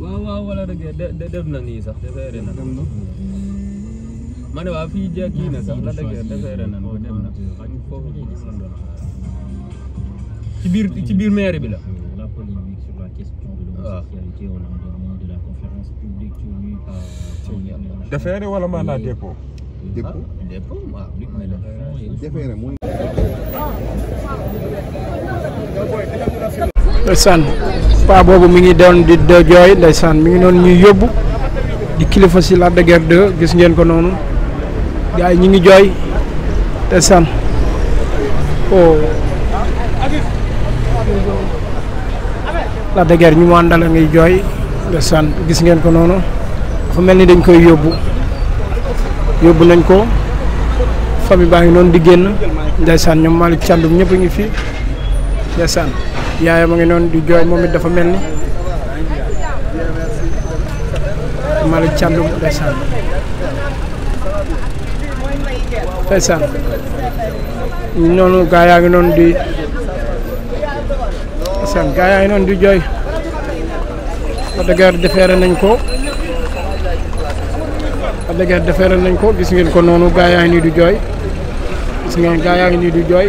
waaw waaw wala rek de dem na nii sax defeere na ma ne waa fii jekki na sax la dëgg defeere na ko dem na xañ foofu ci biir ci biir maire bi la waaw ah. defeere wala mandat dépôt dépôt ah, dépôt waaw defeere mooy ndeysaan paa boobu mi ngi doon di jooy ndeysaan mi ngi doon ñuy yóbbu di kilifa si Lac de gis ngeen ko noonu gars yi ñu ngi jooy ndeysaan oh Lac de Guiers ñu mu àndal ngay jooy ndeysaan gis ngeen ko noonu dafa mel ni dañ koy yóbbu yóbbu nañ ko famille baa ngi noonu di génn ndeysaan ñoom Malick Thiandoum ñëpp a ngi fi ndeysaan yaay ma ngi noonu di jooy moom it dafa mel ni Malick Thiandoum ndeysaan ndeysaan noonu gaa yaa ngi noonu di ndeysaan gaa yaa ngi noonu di jooy wax dëgg yàlla defeere nañ ko a dëgg yàlla defeere nañ ko gis ngeen ko noonu gaa yaa ngi nii di jooy gis ngeen gaa yaa ngi nii di jooy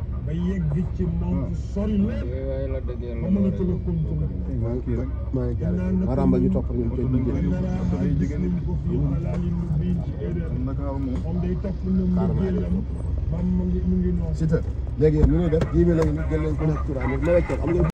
ba yegg ci moom fu hmm. sori la ba mënatu la continuer. maa ngi kii rek maa ngi jaaree maramba ñu topp ñu koy jigéen ñi ko fi xalaali lu biin ci erreur moom day topp na mbëggeelam ba mu ngi mu ngi noonu. si te léegi yéen ñu ngi def ji bi lañu jël leen ko nekk turam ma weccoon am nga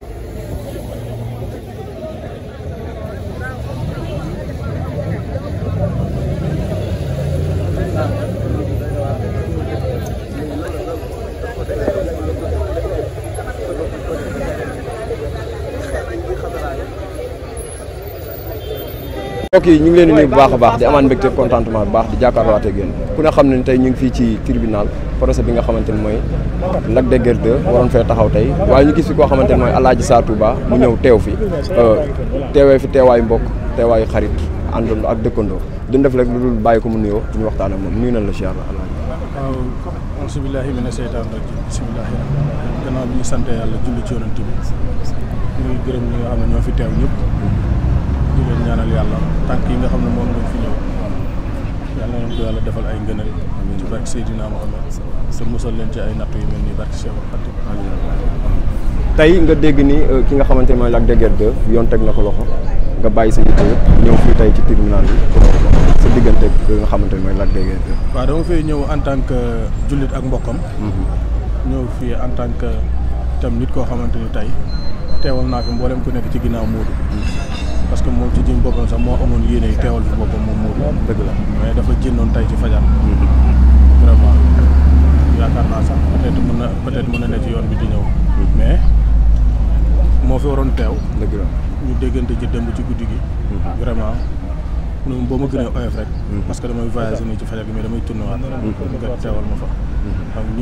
mbokk yi ñu ngi leen di nuyu bu baax a baax di amaan mbégte contentement baax di jàkkaarloowaatee génn ku ne xam ne ni tey ñu ngi fii ci tribunal procès bi nga xamante ni mooy Lac de Guiers waroon fee taxaw tey waaye ñu gis fi koo xamante ni mooy Alaaji Sa Touba mu ñëw teew fi euh, teewee fi teewaayu mbokk teewaayu xarit àndandoo ak dëkkandoo duñ def rek lu dul bàyyi ko mu nuyoo ñu waxtaan ak moom nuyu nañ la si yàlla alaaji waaw ansibilahi mina seytaan rajim bisimilahi sant yàlla ci yonent bi ñuy gërëm ñi nga xam fi teew ñëpp ñaanal yàlla tànk yi nga xam ne moom lañ fi ñëw defal ay ngënal ci barke Seydina Muhammad leen ci ay nattu yu mel nii barke Cheikh Khadim nga dégg ni euh, ki nga xamante ne mooy Lac de Guiers 2 yoon teg na ko loxo nga bàyyi sa yitte yëpp fii tey ci tribunal bi diggante nga xamante ne mooy Lac de Guiers 2. waaw dama fay ñëw en tant que jullit ak mbokkam. Mm-hmm. ñëw fii en tant que tam nit koo xamante ni tey teewal naa fi mboolem ku nekk ci ginnaaw Moodu. Mm-hmm. parce que moom ci jëm boppam sax moo amoon yéene teewal fi boppam moom moo dëgg la mais dafa jëndoon tey ci fajar mm-hmm. vraiment yaakaar naa sax peut-être mën na peut-être mën na ne ci yoon bi di ñëw mm-hmm. mais moo fi waroon teew dëgg la ñu déggante ci démb ci guddi gi mm-hmm. vraiment ne moom boo ma gën a oyof rek mm-hmm. parce que damay voyagé nii ci fajar gi mais damay tourné waat mm-hmm. nga mm-hmm. teewal ma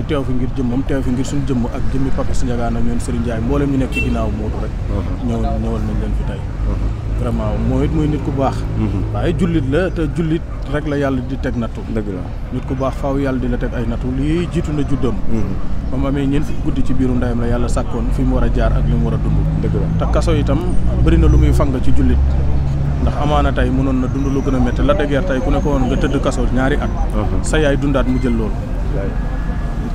teew fi ngir jëmm teew fi ngir suñu jëmm ak jëmmi Papa Si Njaga nag ñoom Serigne Ndiaye it muy nit ku baax waaye jullit la te jullit rek la yàlla di teg nattu dëgg la nit ku baax faaw yàlla di la teg ay nattu lii jiitu na juddam ba mu amee ñeent fukki guddi ci biiru ndeyam la yàlla sàkkoon fi mu war a jaar ak li mu war a dund dëgg la te kaso itam bëri na lu muy fang ndax amaana tey mënoon na dund lu gën a métti la de guerre ku ne ko woon nga tëdd kaso ñaari at uh-huh. sa yaay dundaat mu jël loolu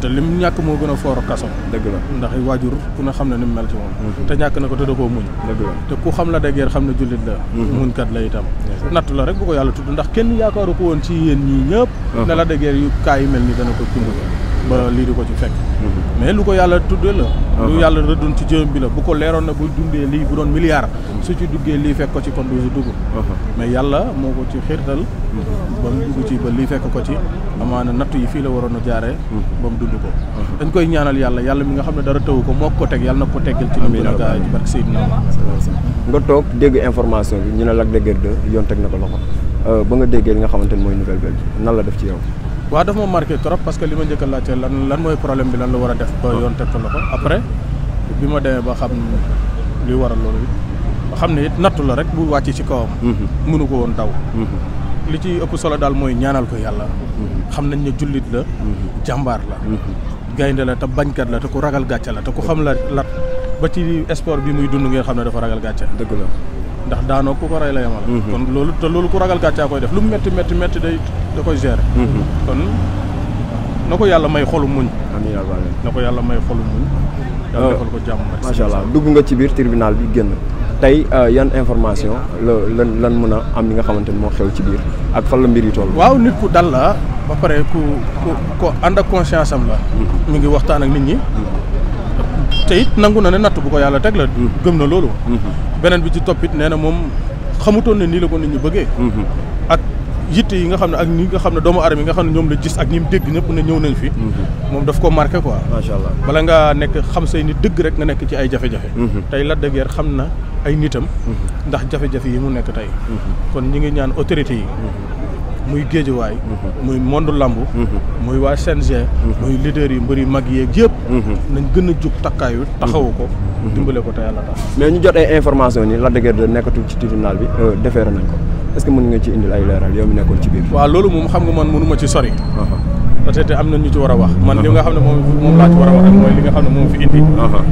te lim ñàkk moo gën a foor kaso dëgg la ndax waajur ku ne xam ne ni mu mel ci moom uh-huh. te ñàkk na ko te da koo muñ dëgg la te ku xam la de xam ne jullit la uh-huh. muñkat la itam natt la rek bu ko yàlla tudd ndax kenn yaakaaru ko woon ci yéen ñii ñëpp ne la de yu kaa yi mel ni dana ko cumb ba lii di ko ci fekk mhm. mais lu ko yàlla tuddee la lu yàlla rëddun ci jëm bi la bu ko leeroon na buy dundee lii bu doon milliard mhm. su ci duggee lii fekk ko ci kon du dugg mais yàlla moo ko ci xiirtal mhm. ba mu dugg ci ba lii fekk ko ci amaana natt yi fii la waroon a jaaree ba mu dund ko dañ koy ñaanal yàlla yàlla mi nga xam ne dara taw ko moo ko teg yàlla na ko teggal ci lu gën a gaaw toog dégg information bi ñu ne Lac de Guiers 2 yoon teg na ko loxo euh, ba nga déggee li nga xamante ne mooy nouvelle bi nan la def ci yow waa daf ma marqué trop parce que li ma njëkk a laajte lan mooy problème bi lan la war a def ba yoon teg ko loxo après bi ma demee ba xam li waral loolu it xam ne it nattu la rek bu wàcc ci kawam. mënu mhm. ko woon daw. Mhm. li ci ëpp solo daal mooy ñaanal ko yàlla. Mhm. xam nañ ne jullit la. jàmbaar la. gaynde la te bañkat la te ku ragal gàcce la te ku xam la lat ba ci sport bi muy dund ngeen xam ne dafa ragal gàcce. dëgg la. ndax daanoo ku ko rey la yemal mhm. kon loolu te loolu ku ragal gàccaa koy def lu mu métti métti métti day da koy gérer mhm. kon na ko yàlla may xolu muñ amiin na ko yàlla may xolu muñ yàlla euh, ko jàmm rek allah dugg nga ci biir tribunal bi génn tey euh, yan information la lan lan mën a am li nga xamante ni moo xew ci biir ak fan la mbir yi toll waaw nit ku dal la ba pare ku ku ko ànd ak conscience am la mhm. mi ngi waxtaan ak nit ñi tey nangu na ne natt bu ko yàlla teg la gëm na loolu mm-hmm. beneen bi ci toppit nee na moom xamutoon ne nii la ko nit ñi bëggee mm-hmm. ak yitte yi nga xam ne ak ñi nga xam ne doomu aadama yi nga xam ne ñoom la gis ak ñi mu dégg ñëpp ne ñëw nañ fi mm-hmm. moom daf ko marqué ko macha allah bala ngaa nekk xam say nit dëgg rek nga nekk ci ay jafe-jafe tey la dëggeer xam na ay nitam ndax jafe-jafe yi mu nekk tey kon ñi ngi ñaan autorité yi muy géejuwaay mhm. muy monde lamb mhm. muy waa CNG mhm. muy leader yi mbër yu mag yeeg yëpp nañ gën a jug takkaayu taxawu ko dimbale ko te yàlla tax mais ñu jot ay information la Lac de Guiers ci ci tribunal bi euh, defeere nañ ko est-ce que mën nga ci indil ay leeral yow mi nekkoon ci biir waaw loolu moom xam nga man mënuma ci sori uh-huh. peut-être am na ñu ci war a wax man li uh-huh. nga xam ne moom moom laa ci war a wax mooy li nga xam ne moom fi indi uh-huh.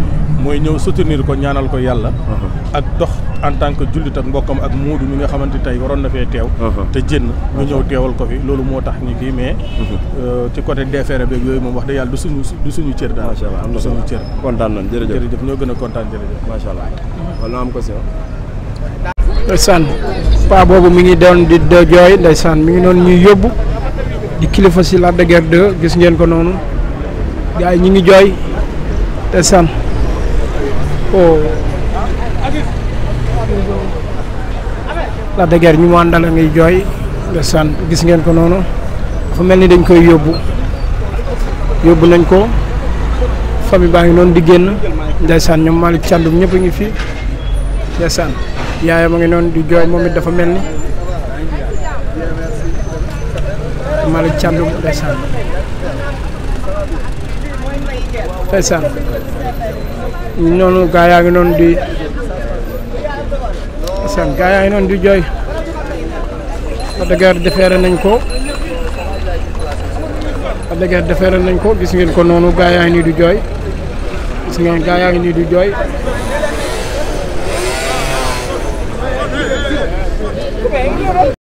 mooy ñëw soutenir ko ñaanal ko yàlla uh-huh. ak dox en tant que jullit ak mbokkam ak muudu mi nga xamante tey waroon na fee teew uh-huh. te jënn ñu uh-huh. ñëw teewal ko fi loolu moo tax ñu kii mais euh, ci côté defeere beeg yooyu moom wax dëgg yàlla du suñu du suñu cër daal macha am na suñu cër kontaan nañ jërëjëf jërëjëf ñoo gën a kontaan jërëjëf macha allah wala am ko si ndeysaan paa boobu mi ngi doon di jooy ndeysaan mi ngi doon ñuy yóbbu di kilifa si la de guerre 2 gis ngeen ko noonu gars yi ñu ngi jooy ndeysaan oh. Lac de ñu mu àndal a ngay jooy ndeysaan gis ngeen ko noonu dafa mel ni dañ koy yóbbu yóbbu nañ ko famille baa ngi noonu di génn ndeysaan ñoom Malick Thiandoum ñëpp a ngi fi ndeysaan yaayam a ngi noonu di jooy moom it dafa mel ni Malick Thiandoum ndeysaan ndeysaan noonu gaa yaa ngi noonu di ndeysaan gaa yaa ngi noonu di jooy wax dëgg yàlla defeere nañ ko wax dëgg yàlla defeere nañ ko gis ngeen ko noonu gaa yaa ngi di jooy gis ngeen gaa yaa ngi nii di jooy